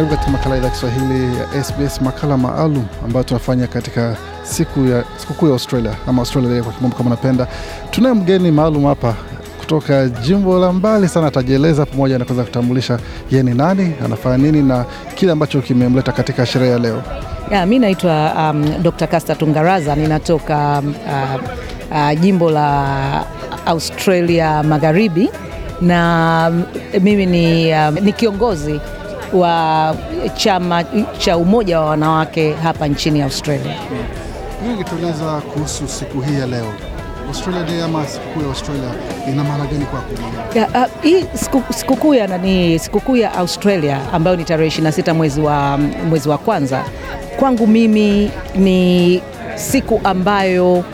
Karibu katika makala idhaa Kiswahili ya SBS, makala maalum ambayo tunafanya katika siku ya sikukuu ya Australia ama Australia kwa kimombo kama unapenda. Tunaye mgeni maalum hapa kutoka jimbo la mbali sana, atajieleza pamoja na kuweza kutambulisha ye ni nani, anafanya nini na kile ambacho kimemleta katika sherehe ya leo. yeah, mi naitwa um, Dr. Kasta Tungaraza, ninatoka um, uh, uh, jimbo la Australia Magharibi na um, mimi ni, um, ni kiongozi wa chama cha umoja wa wanawake hapa nchini Australia. Nini tueleza kuhusu siku hii ya leo? Australia Day ama sikukuu ya Australia ina maana gani kwako? Ah, hii sikukuu ya nani, sikukuu ya Australia ambayo ni tarehe 26 mwezi wa, mwezi wa kwanza kwangu mimi ni siku ambayo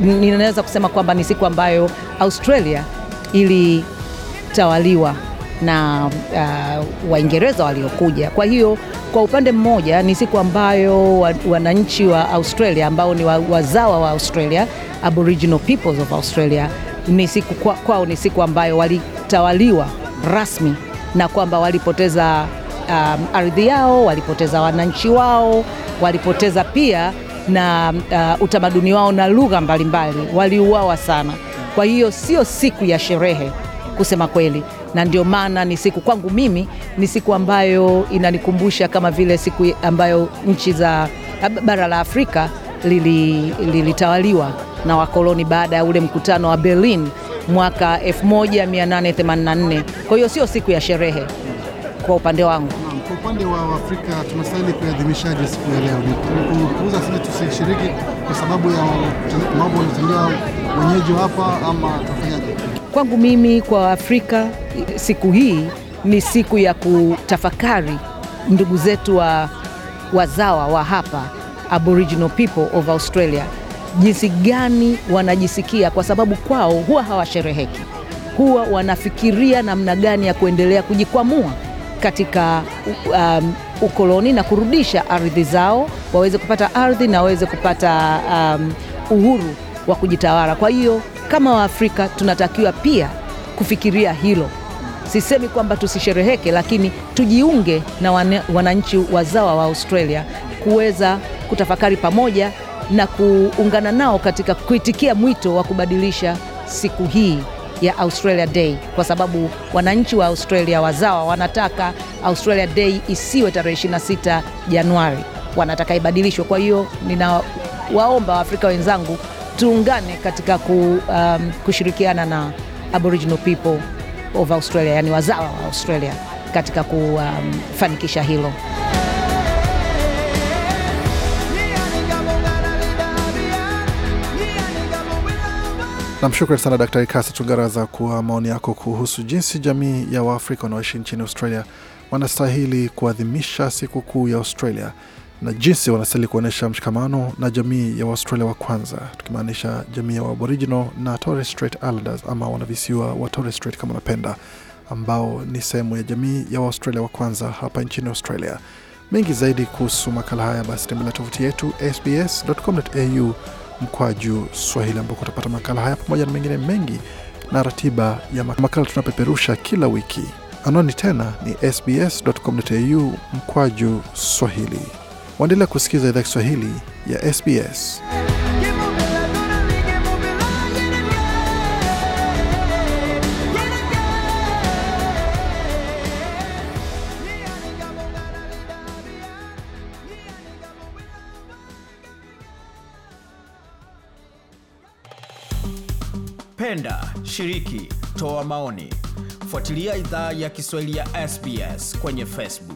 ninaweza kusema kwamba ni siku ambayo Australia ilitawaliwa na uh, Waingereza waliokuja. Kwa hiyo kwa upande mmoja ni siku ambayo wananchi wa Australia ambao ni wazawa wa Australia, Aboriginal peoples of Australia, ni siku kwao kwa ni siku ambayo walitawaliwa rasmi na kwamba walipoteza um, ardhi yao, walipoteza wananchi wao, walipoteza pia na uh, utamaduni wao na lugha mbalimbali, waliuawa sana. Kwa hiyo sio siku ya sherehe kusema kweli na ndio maana ni siku kwangu mimi ni siku ambayo inanikumbusha kama vile siku ambayo nchi za bara la Afrika lilitawaliwa lili na wakoloni baada ya ule mkutano wa Berlin mwaka 1884. Kwa hiyo sio siku ya sherehe kwa upande wangu. Kwa upande wa Afrika tunastahili kuadhimishaje siku ya leo? Kuuza sisi tusishiriki kwa sababu ya mambo yanayotendea wenyeji hapa, ama tafanyaje? Kwangu mimi kwa Afrika siku hii ni siku ya kutafakari ndugu zetu wa wazawa wa hapa Aboriginal people of Australia jinsi gani wanajisikia, kwa sababu kwao huwa hawashereheki, huwa wanafikiria namna gani ya kuendelea kujikwamua katika um, ukoloni na kurudisha ardhi zao, waweze kupata ardhi na waweze kupata um, uhuru wa kujitawala. Kwa hiyo kama Waafrika tunatakiwa pia kufikiria hilo. Sisemi kwamba tusishereheke, lakini tujiunge na wana, wananchi wazawa wa Australia kuweza kutafakari pamoja na kuungana nao katika kuitikia mwito wa kubadilisha siku hii ya Australia Day kwa sababu wananchi wa Australia wazawa wanataka Australia Day isiwe tarehe 26 Januari, wanataka ibadilishwe. Kwa hiyo ninawaomba Waafrika wenzangu tuungane katika ku, um, kushirikiana na Aboriginal people of Australia, yani wazawa wa Australia katika kufanikisha um, hilo. Namshukuru sana Daktari Kasi Tungaraza kwa maoni yako kuhusu jinsi jamii ya Waafrika wanaoishi nchini Australia wanastahili kuadhimisha sikukuu ya Australia na jinsi wanastahili kuonyesha mshikamano na jamii ya Waustralia wa kwanza, tukimaanisha jamii ya Aboriginal na Torres Strait Islanders ama wanavisiwa wa Torres Strait kama wanapenda, ambao ni sehemu ya jamii ya Waustralia wa kwanza hapa nchini Australia. Mengi zaidi kuhusu makala haya, basi tembelea tovuti yetu sbs.com.au juu Swahili, ambako utapata makala haya pamoja na mengine mengi na ratiba ya makala tunapeperusha kila wiki. Anwani tena ni sbs.com.au mkwaju Swahili. Waendelea kusikiza idhaa Kiswahili ya SBS. Penda, shiriki, toa maoni. Fuatilia idhaa ya Kiswahili ya SBS kwenye Facebook.